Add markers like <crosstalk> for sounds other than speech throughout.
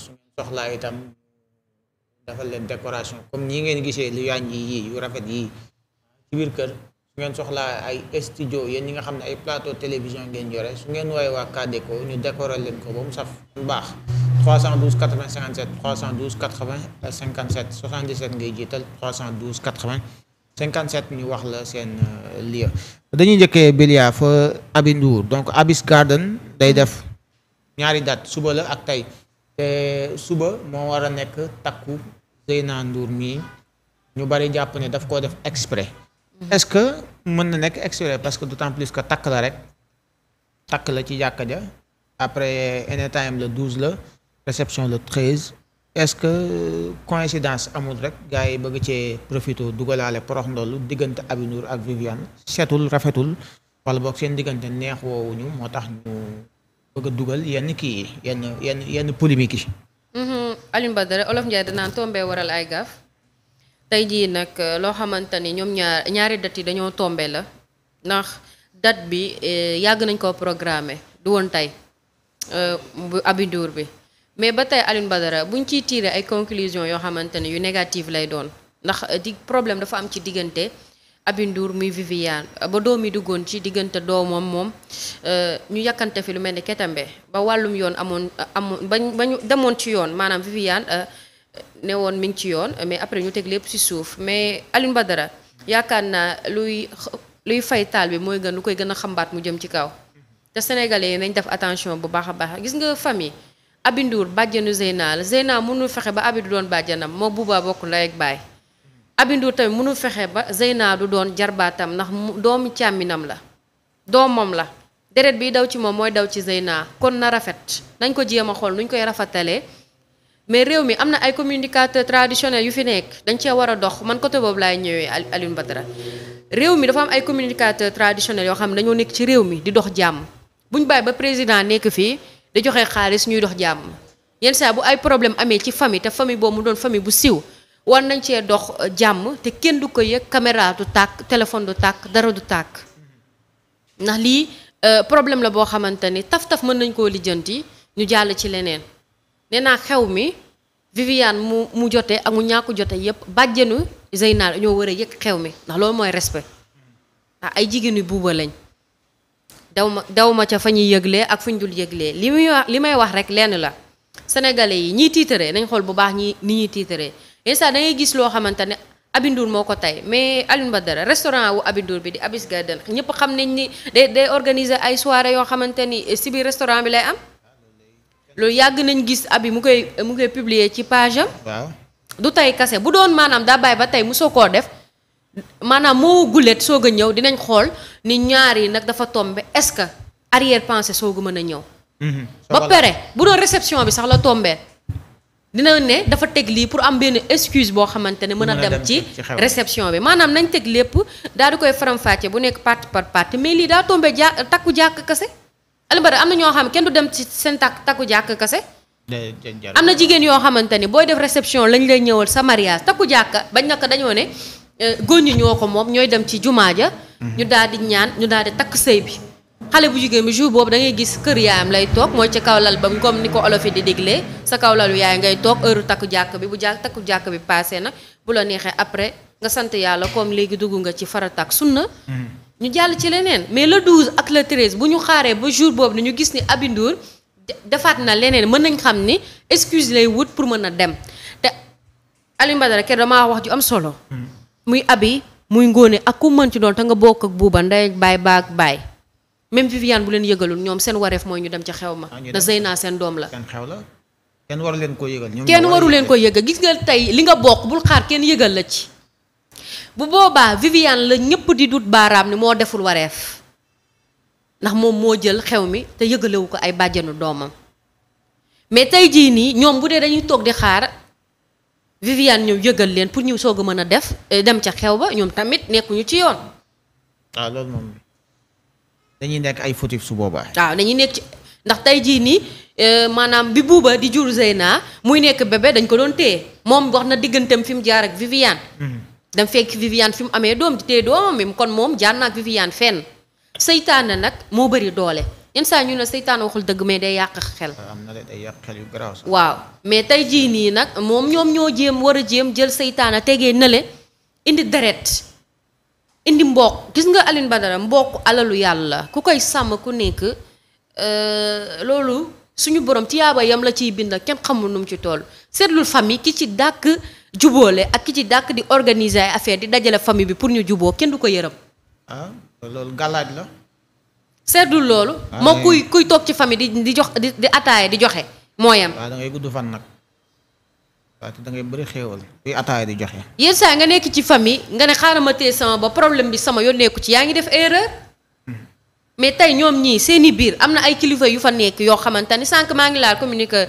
su ngeen soxlaa itam defal leen décoration comme ñi ngeen gisee lu yaañ yi yii yu rafet yii ci biir kër su ngeen soxlaa ay studio yéen ñi nga xam ne ay plateau télévision ngeen yore su ngeen woowee waa Kadeco ñu décorer leen ko ba mu saf mu baax 312 80 57 312 80 57 77 ngay jiital 312 80 57 ñu wax la seen euh, lieu dañuy njëkkee Bilia fa Abi Ndour donc Abis Garden day def ñaari date suba la ak tey te suba moo war a nekk takku Zeyna nduur mii ñu bari jàpp ne daf koo def exprès mm-hmm. est-ce que mën na nekk exprès parce que d'autant plus que takk la rek takk la ci jàkka ja après anytime le douze la réception le treize est-ce que coïncidence amul rek gars yi bëgg cee profité dugalaale porox ndollu diggante Aby Ndour ak Viviane seetul rafetul wala boog seen diggante neex woowuñu moo tax ñu bëgg dugal yenn kii yenn yenn yenn polémique yi. Mhm. Alioune Badara Olof Ndiaye danaan tombé waral ay gaaf tey jii nag euh, loo xamante ni ñoom ñaar ñaari dates yi dañoo tombé la ndax dat bi euh, yàgg nañ koo programmé du woon tey euh, bu abidur bi mais ba tey Alioune Badara buñ ciy tiire ay conclusion yoo xamante ni yu negative lay doon ndax di problème dafa am ci diggante. Aby Ndour muy Viviane ba doom yi duggoon ci diggante doomam moom euh, ñu yàkkante fi lu mel ni ketambe ba wàllum yoon amoon amoon ba ñu demoon ci yoon maanaam Viviane euh, ne woon mi ngi ci yoon mais après ñu teg lépp ci suuf mais Alioune dara yaakaar naa luy luy fay taal bi mooy gën lu koy gën a xambaat mu jëm ci kaw te sénégalais yi nañ def attention bu baax a baax gis nga famille Aby Ndour bàjjenu Zeyna la Zeyna mënul fexe ba Aby du doon bàjjanam moo buubaa bokk ndey ak Aby Ndour tamit mënul fexe ba Zeyna du doon jarbaatam ndax doomu càmminam la doomam la deret bi daw ci moom mooy daw ci Zeyna kon na rafet nañ ko jéem a xool nuñ koy rafetalee mais réew mi am na ay communicateur traditionnels yu fi nekk dañ cee war a dox man côté boobu laay ñëwee Alioune Badara réew mi dafa ay communicateurs traditionnels yoo xam ne dañoo nekk ci réew mi di dox jàmm buñ baay ba président nekk fii di joxe xaalis ñuy dox jàmm yenn saa bu ay problème amee ci famille te famille boobu mu doon famille bu siiw war nañ cee dox euh, jàmm te kenn du ko yëg caméra du tàkk téléphone du tàkk dara du tàkk ndax lii euh, problème la boo xamante ni taf-taf mën nañ koo lijjanti ñu jàll ci leneen nee naa xew mi Viviane mu mu jote ak mu ñàkk jote yépp bàjjenu Zeyna ñoo war a yëg xew mi ndax loolu mooy respect ndax ah, ay jigéenu buuba lañ daw ma daw ma ca fa ñuy yëglee ak fu ñu dul yëglee li muy li may wax rek lenn la sénégalais yi ñiy tiitare nañ xool bu baax ñi ni ñuy tiitaree instant da ngay gis loo xamante ne Abindour moo ko tey mais Alioune Badara restaurant wu Abindour bi di Abis Garden ñëpp xam nañ ni day day organiser ay soirée yoo xamante ni si biir restaurant bi lay am loolu yàgg nañ gis abi mu koy mu koy publier ci page am. du tey kase bu doon maanaam daa bàyyi ba tey mu soo koo def. maanaam moo gulet soog a ñëw dinañ xool ni ñaar yi nag dafa tombe est-ce que arrière pensée soo a mën a ñëw. Mhm. ba pare bu doon réception bi sax la tombé dina ne dafa teg lii pour am benn excuse boo xamante ne mën a dem ci réception bi maanaam nañ teg lépp daa di koy faram-fàcce bu nekk parti par parti mais lii daa tombé ja takku jàkk kase albara am na ñoo xam kenn du dem ci seen takk takku jàkk kase am na jigéen yoo xamante ni booy def réception lañ lay ñëwal sa mariage takku jàkk bañ naka dañoo ne euh, góor ñi ñoo ko moom ñooy dem ci jumaa ja mhm. ñu daal di ñaan ñu daal di takk sëy bi xale bu jigéen bi jour boobu dangay gis kër yaayam lay toog mooy ca kaw lal ba comme ni ko olof yi di déglee sa kaw lalu yaay ngay toog heure takk jàkk bi bu jàkk takku jàkk bi passé na bu la neexee après nga sant yàlla comme léegi dugg nga ci faratak sunna mhm. ñu jàll ci leneen mais le 12 ak le 13 bu ñu xaaree ba jour boobu ni ñu gis ni Aby Ndour defaat na leneen mën nañ xam ni excuse lay wut pour mën a dem te Alioune Badara kër damaa wax ju am solo mhm. muy abi muy Ngoné ak ku mën ci doon te nga bokk ak buuba ndey baay baak baay même Viviane bu leen yëgalul ñoom seen wareef mooy ñu dem ca xew ma ah, na naa seen doom la seen xew la kenn waru leen ko yëgal kenn waru leen ko yëgal gis nga tey li nga bokk bul xaar kenn la ci bu boobaa Viviane la ñëpp di dut baaraam ni moo deful wareef ndax moom moo jël xew mi te yëgalewu ko ay bàjjanu doomam mais tey jii nii ñoom bu dee dañuy toog di xaar Viviane ñëw yëgal leen pour ñu soog a mën a def eh, dem ca xew ba ñoom tamit nekkuñu ci yoon. Ah, dañuy nekk ay fautif su boobaa. waaw dañuy nekk ci ndax tey jii nii euh, maanaam bi buuba di jur Zeyna muy nekk bébé dañ ko doon téye moom wax na digganteem fi mu jaar ak vivian mhm. dam fekk Viviane fi mu amee doom di téye doomam kon moom jaar na ak Viviane fenn seytaane nag moo bëri doole. yenn saa ñu ne seytaan waxul dëgg mais day yàq xel. Ah, am na day yàq waaw mais tey jii nii nag moom ñoom ñoo jéem war a jéem jël seytaane tegee na le indi deret indi mboq gis nga Alioune Badara mboq alalu yàlla ku koy sàmm ku nekk euh, loolu suñu borom tiyaaba yam la ciy bind kenn xamul nu ci toll seetlul famille ki ci dàkk jubóole ak ki ci dàkk di organiser ay affaire di dajale famille bi pour ñu juboo kenn du ko yërëm. ah loolu gàllaaj la. seetlul loolu. Ah, moo kuy kuy toog ci famille di di jox di ataaya di joxe mooyam. waaw ah, nag. waaw te da ngay bëri xéewal kuy ataaya di joxe. yenn saa nga nekk ci famille nga ne xaaral ma tee sama ba problème bi sama yoon nekku ci yaa ngi def erreur. mais tey ñoom ñii seen i biir am na ay kilifa yu fa nekk yoo xamante ni sànq maa ngi laal communique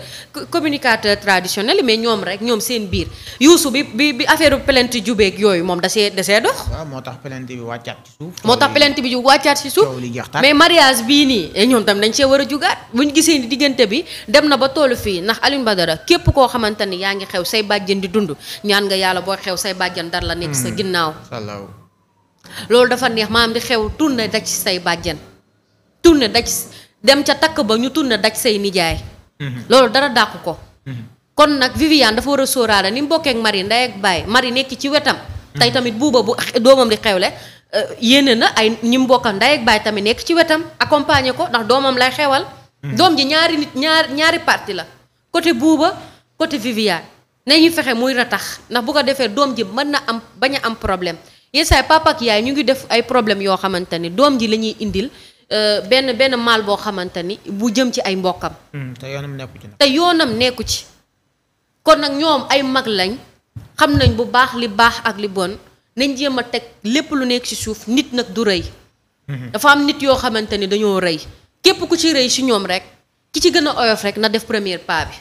communicateur traditionnel mais ñoom rek ñoom seen biir yuusu bi bi bi affaire plainte jubeeg yooyu moom da see da see dox. moo tax plainte bi wàccaat ci suuf. moo tax plainte bi wàccaat ci suuf mais mariage bii nii eh, ñoom tam dañ see war a jugaat bu ñu gisee ni diggante bi dem na ba toolu fii ndax Alioune Badara képp koo xamante ni yaa ngi xew say bàjjen di dund ñaan nga yàlla boo xew say bàjjen dara la nekk sa hmm. ginnaaw. loolu dafa neex maam di xew tourné da ci say bàjjen tourné daj dem ca takk ba ñu tourné daj say nijaay. Mhm. loolu dara dàq ko. Mhm. kon nag Viviane dafa war a sóoraale ni mu bokkee ak Marie ndey nekk ci wetam. Mhm. tey tamit buuba bu doomam di xewle euh, yéene na ay ñi mu bokkal ndey ak tamit nekk ci wetam accompagner ko ndax doomam lay xewal. doom ji ñaari nit ñaar ñaari parti la côté buuba côté Viviane nañuy fexe muy ratax ndax bu ko defee doom ji mën na am bañ a am problème yenn saa yi papa yaay ñu ngi def ay problème yoo xamante ni doom ji la ñuy indil. Euh, benn benn mal boo xamante ni bu jëm ci ay mbokkam. Hmm, te yoonam nekku ci te yoonam nekku ci. kon nag ñoom ay mag lañ xam nañ bu baax li baax ak li bon nañ jéem a teg lépp lu nekk ci suuf nit nag du rëy. Hmm. dafa am nit yoo xamante ni dañoo rëy képp ku ci rëy si ñoom rek ki ci gën a oyof rek na def première pas bi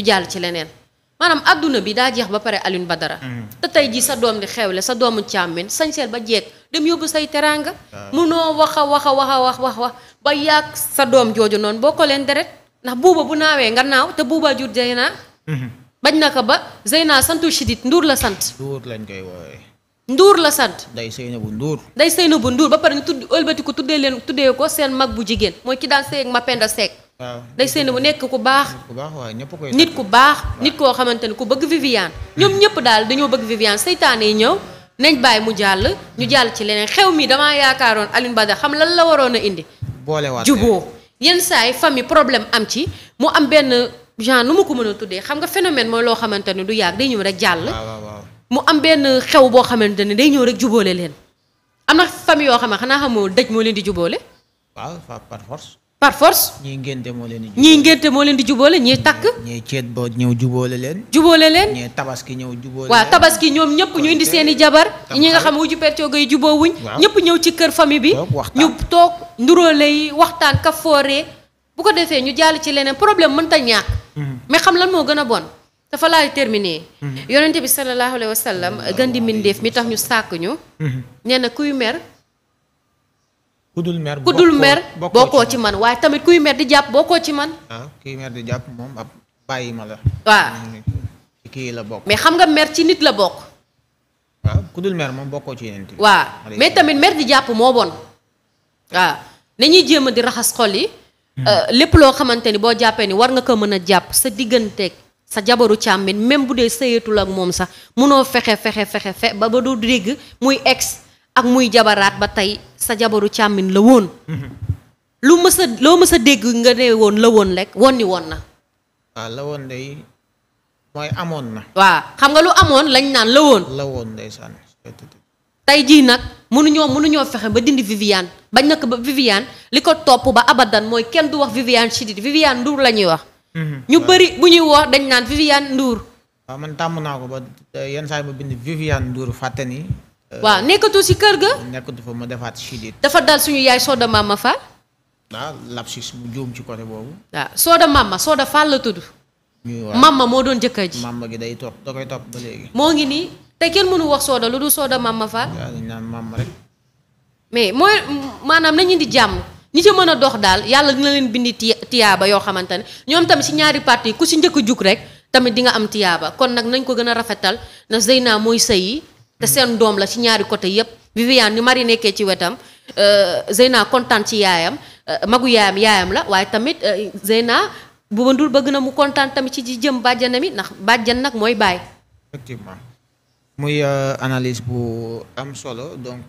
ñu jàll ci leneen. maanaam àdduna bi daa jeex ba pare Alioune Badara. Mm. te tey jii sa doom di xewle sa doomu càmmin sañseel ba jeeg dem yóbbu say teraanga. munoo wax a wax a wax a wax wax wax ba yàq sa doom jooju noonu boo ko leen deret ndax buuba bu naawee nga naaw te buuba jur Zeyna. Mm-hmm. bañ na ko ba Zeyna santu chidit Ndour la sant. Ndour lañ koy woowee. Ndour la sant. day sëyna bu Ndour. day sëyna bu Ndour ba pare ñu tudd ëlbatiku tuddee leen tuddee ko seen mag bu jigéen mooy ki daan sëy ak Mapenda Seck. day seen bu nekk ku baax. nit ku baax nit koo xamante ne ku bëgg Viviane. ñoom ñëpp daal dañoo bëgg Viviane seytaane yi ñëw nañ baay mu jàll ñu jàll ci leneen xew mi damaa yaakaaroon Alioune Badara xam lan la waroon a indi. boolewaat juboo yenn saa yi famille problème am ci mu am benn genre nu mu ko mën a tuddee xam nga phénomène mooy loo xamante ne du yàgg day ñëw rek jàll. mu am benn xew boo xamante ne day ñëw rek jubóole leen am na famille yoo xam ne xanaa xamoo dëj moo leen di jubóole. waaw par force. ñii ngénte moo leen di. ñii ngénte moo leen di jubóole ñii takk. ñii ceet boo ñëw jubóole leen. jubóole leen ñii tabaski ñëw jubóole leen. waaw tabaski ñoom ñëpp ñu indi seen i jabar. ñi nga xam wuju percoogo yi jubóowuñ. ñëpp ñëw ci kër famille bi. ñu toog nduróole lay waxtaan ka fooree. bu ko defee ñu jàll ci leneen problème mënta ñàkk. Mhm. mais xam lan moo gën a bon. dafa laay terminer. Mhm. yonente bi sallallahu alayhi wa sallam gën di mbindeef mi tax ñu sàkk ñu. Mhm. nee kuy mer. kudul mer kudul mer bokkoo ci man waaye tamit kuy mer di jàpp bokkoo ci man. ah kuy mer di jàpp moom ab bàyyi ma la. la bokk. mais xam nga mer ci nit la bokk. waaw ah, kudul bokkoo ci yeneen. waaw mais tamit mer di jàpp moo bon. waaw nañuy jéem a di raxas xol yi. Hmm. Euh, lépp loo xamante ni boo jàppee ni war nga ko mën a jàpp sa digganteeg sa jabaru càmbin même bu dee sëyatul ak moom sax munoo fexe fexe fexe fe ba ba du dégg muy ex. ak muy jabaraat ba tey sa jabaru càmmin la woon lu mës loo mës dégg nga ne woon la woon rek won ni woon na waaw la woon day mooy amoon na waaw xam nga lu amoon lañ naan la woon la woon tey jii nag mënuñoo mënuñoo fexe ba dindi Viviane bañ na ko li ko topp ba abadan mooy kenn du wax Viviane Chidid Viviane Ndour la wax mhm. ñu bëri bu ñuy wax dañ naan Viviane Ndour waaw man tàmm naa ko ba yenn saa yi bind Viviane Ndour fàtte ni waaw nekkatu si kër ga. nekkatu fa defaat chidit. dafa dal suñu yaay Soda Mama Fall. ah lapsus mu juum ci côté boobu. waaw Soda Mama Soda Fall la tudd. Mama moo doon jëkkër ji. Mama gi day topp da koy topp ba léegi. moo ngi nii te kenn mënu wax Soda lu dul Soda Mama Fall. waaw naan Mama mais mooy maanaam nañu di jàmm ñi sa mën a dox daal yàlla dina leen bindi tiyaaba yoo xamante ne ñoom tamit si ñaari parti ku si njëkk a jug rek tamit di nga am tiyaaba kon nag nañ ko gën a rafetal na naa mooy sëy yi te seen doom la ci ñaari côté yépp Viviane ni Marie nekkee ci wetam euh, Zeyna kontaan ci yaayam euh, magu yaayam yaayam la waaye tamit euh, Zeyna Bouba Ndour bëgg na mu kontaan tamit ci ci jëm bàjjanam yi ndax bàjjan nag mooy baay. effectivement muy analyse bu am solo donc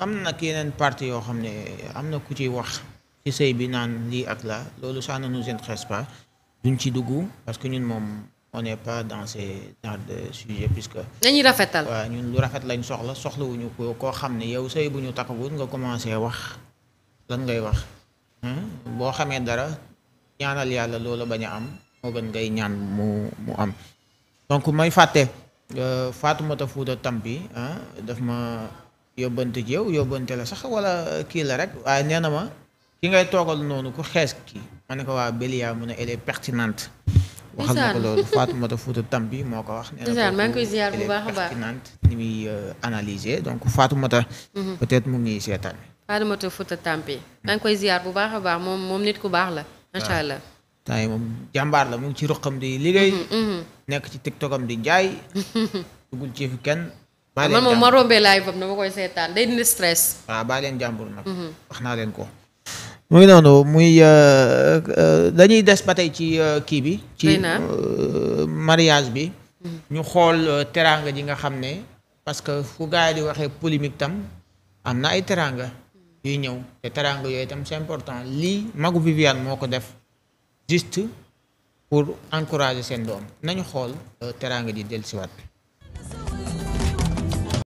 am na yeneen parti yoo xam ne am na ku ciy wax ci sëy bi naan lii ak la loolu ça ne nous intéresse pas duñ ci dugg parce que ñun moom. on n'est pas dans ces genre de sujet puisque. dañuy rafetal waaw ñun lu rafet lañ soxla soxlawuñu ko koo xam ne yow sëy bu ñu takkagul nga commencé wax lan ngay wax hmm? boo xamee dara ñaanal yàlla loolu bañ a am moo gën ngay ñaan mu mu am donc may fàtte euh, Fatoumata Fouta Tampi daf ma yóbbante ci yow yóbbante la sax wala kii la rek waaye nee na ma ki ngay toogal noonu ku xees ki ma ne ko waa Bélia mu ne elle est waxal ma ko loolu Fatoumata Fouta Tampi moo ko wax. maa ngi koy ziar bu baax a baax ni muy euh, analyser donc mhm. peut-être mu ngi seetaan. Fatoumata Fouta Tampi. maa ngi koy ziar bu baax a baax moom moom nit ku baax la. macha allah temps jàmbaar la mu ngi ci ruqam di liggéey. Mhm, mhm. nekk ci tiktokam di jaay. <laughs> duggul kenn. maa leen man moom ma rombee laay boobu dama koy seetaan day dindi stress. waaw baa leen jàmbur nag. wax naa leen ko. mu noonu muy euh, euh, dañuy des ba tey ci euh, kii bi. ci mariage bi. ñu xool teraanga ji nga xam ne parce que fu gars yi di waxee polémique tam am na ay teraanga. yuy ñëw te teraanga yooyu tam c'est important lii magu Viviane moo ko def juste pour encourager seen doom nañu xool teraanga ji dellusiwaat.